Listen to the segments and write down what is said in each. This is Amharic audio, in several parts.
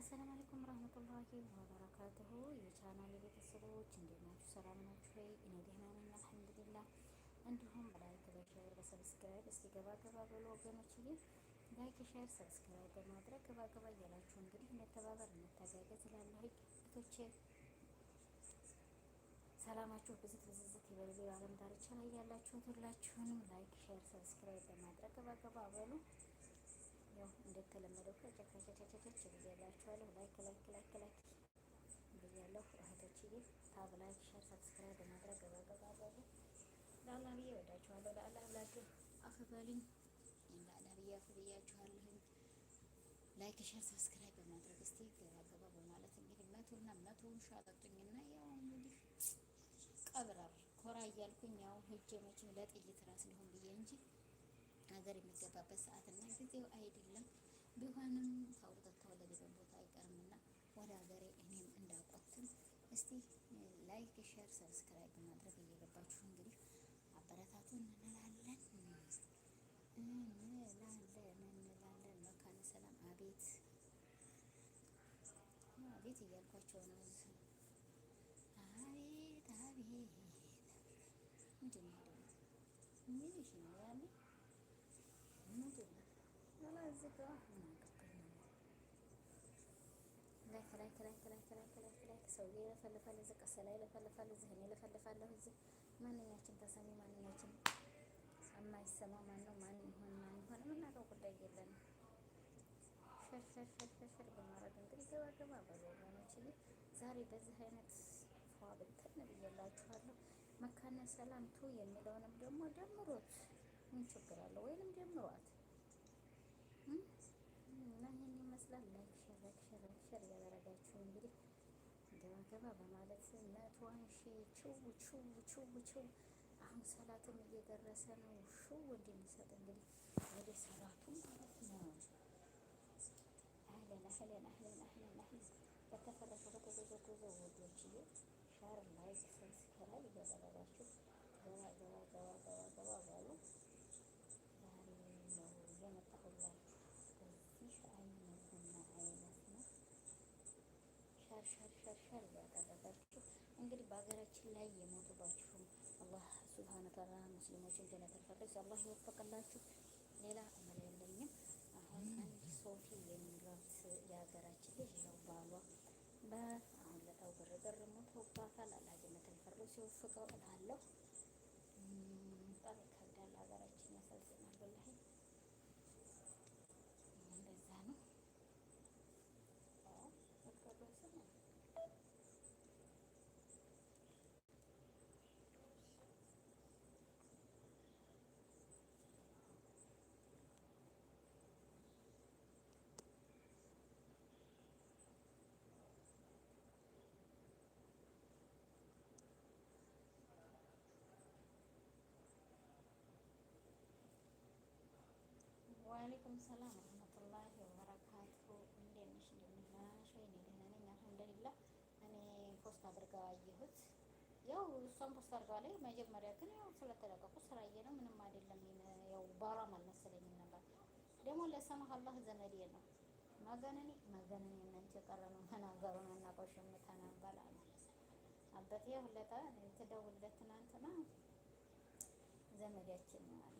አሰላም አለይኩም ረህመቱላሂ ወበረካቱሁ የቻናል ቤተሰቦች እንዴት ናችሁ? ሰላም ናችሁ ወይ? እኔ ደህና ነኝ አልሐምዱሊላህ። እንዲሁም በላይክ በሼር በሰብስክራይብ እስቲ ገባ ገባ ብሎ ወገኖች ይ ላይክ ሼር ሰብስክራይብ በማድረግ ገባ ገባ እያላችሁ እንግዲህ እንተባበር እንተጋገዝ እላለሁ። እህቶቼ ሰላማችሁ ብዝት ብዝዝት ይበል። በዓለም ዳርቻ ላይ ያላችሁት ሁላችሁንም ላይክ ሼር ሰብስክራይብ በማድረግ ገባ ገባ በሉ። ያው እንደተለመደው ከጨካቸቸቸች ብያላችኋለሁ። ላይክ ላይክ ላይክ ላይክ ብያለሁ። እህቶችዬ ታብ ላይክ፣ ሸር፣ ሰብስክራይብ በማድረግ ገባገባ በሉ። ለአላህ ብዬ እወዳችኋለሁ። ለአላህ ብላችሁ አፍ ለአላህ ብዬ አፍ ላይክ፣ ሸር፣ ሰብስክራይብ በማድረግ እስቲ ገባገባ በማለት እንግዲህ መቶና መቶውን ሻጠጡኝና ያው እንግዲህ ቀብረር ኮራ እያልኩኝ ያው ሂጅ መቼም ለጥይት ራስ ሊሆን ብዬ እንጂ ሀገር የሚገባበት ሰዓትና ጊዜው አይደለም። ቢሆንም ታውርተ ተወለደበት ቦታ አይቀርምና ወደ ሀገሬ እኔም እንዳቆትም እስቲ ላይክ፣ ሼር፣ ሰብስክራይብ በማድረግ እየገባችሁ እንግዲህ አበረታቱን እንላለን እንላለን እንላለን። መካነ ሰላም አቤት አቤት እያልኳቸው ነው። አቤት አቤት ምንድን ነው ያለ በኋላ እዚህ ጋር ላይክ ላይክ ላይክ ላይክ ላይክ ላይክ እዚህ ቀስ ላይ እዚህ እኔ እዚህ ማንኛችን ተሰሚ ማንኛችን የማይሰማ ማን ነው ማን ይሆን ማን ይሆን የምናውቀው ጉዳይ በማድረግ እንግዲህ ገባ ገባ ዛሬ በዚህ አይነት ፏ ብትን ብዬላችኋለሁ። መካነ ሰላም ቱ የሚለውንም ደግሞ ደምሮት ምን ችግር አለው? ወይንም ደምሯት ይመስላል። ላይክ ሸር ላይክ ሸር ላይክ ሸር እያደረጋችሁ እንግዲህ ገባገባ በማለት መቶዋን ሺ ችው ችው ችው ችው አሁን ሰላትም እየደረሰ ነው። ሹ እንድንሰጥ እንግዲህ ወደ ሰላቱ ማለት ነው። አህለን አህለን አህለን አህለን አህለን በተጎዘጎዘ ሸር እያደረጋችሁ ገባ ገባ ገባ ገባ ገባ በሉ ሸር እያደረጋችሁ እንግዲህ በሀገራችን ላይ የሞቱባችሁም አላህ ሱብሃነ ተዓላ ሙስሊሞችን ጀነተል ፈርደውስ አላህ ይወፈቅላችሁ። ሌላ አመል የለኝም። አሁን አንድ ሶፊ የሚሏት የሀገራችን ልጅ ነው ባሏ በአሁን ለታው ግርግር ሞተውባታል። አላህ ጀነተል ፈርደውስ ይወፍቀው እላለሁ። ሰላም ረህመቱላሂ ወበረካቱ። እንዴት ነሽ? እንደምን ነሽ? ወይኔ ደህና ነኝ አልሐምዱሊላህ። እኔ ፖስት አድርገዋ አየሁት። ያው እሷም ፖስት አድርገዋ ላይ መጀመሪያ ግን ያው ስለተለቀቁ ስራዬ ነው ምንም አይደለም። ያው ባሏም አልመሰለኝም ነበር። ደግሞ ለሰማህ አላህ ዘመዴ ነው። ማገነኔ ማገነኔ እናንቺ የቀረ ነው መናገሩን አናቆሽም ተናበላ አበቴ ሁለታ ትደውልለት ትናንትና ዘመዳችን ነው አለ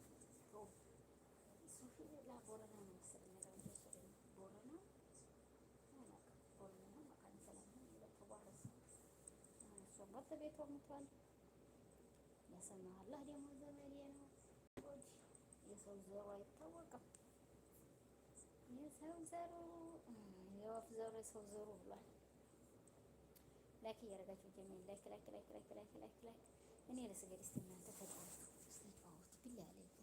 ቤቷ ሙቷል። ያሰማህ አላህ ደግሞ ዘመዴ ነው። የሰው ዘሩ አይታወቅም። የሰው ዘሩ የወፍ ዘሩ የሰው ዘሩ ብሏል። ላይክ እያደረጋችሁ ጀሚል ላይክ ላይክ ላይክ ላይክ ላይክ ላይክ እኔ ለስገድ እስቲ ተጫወቱ፣ ተጫወቱ ቢላለ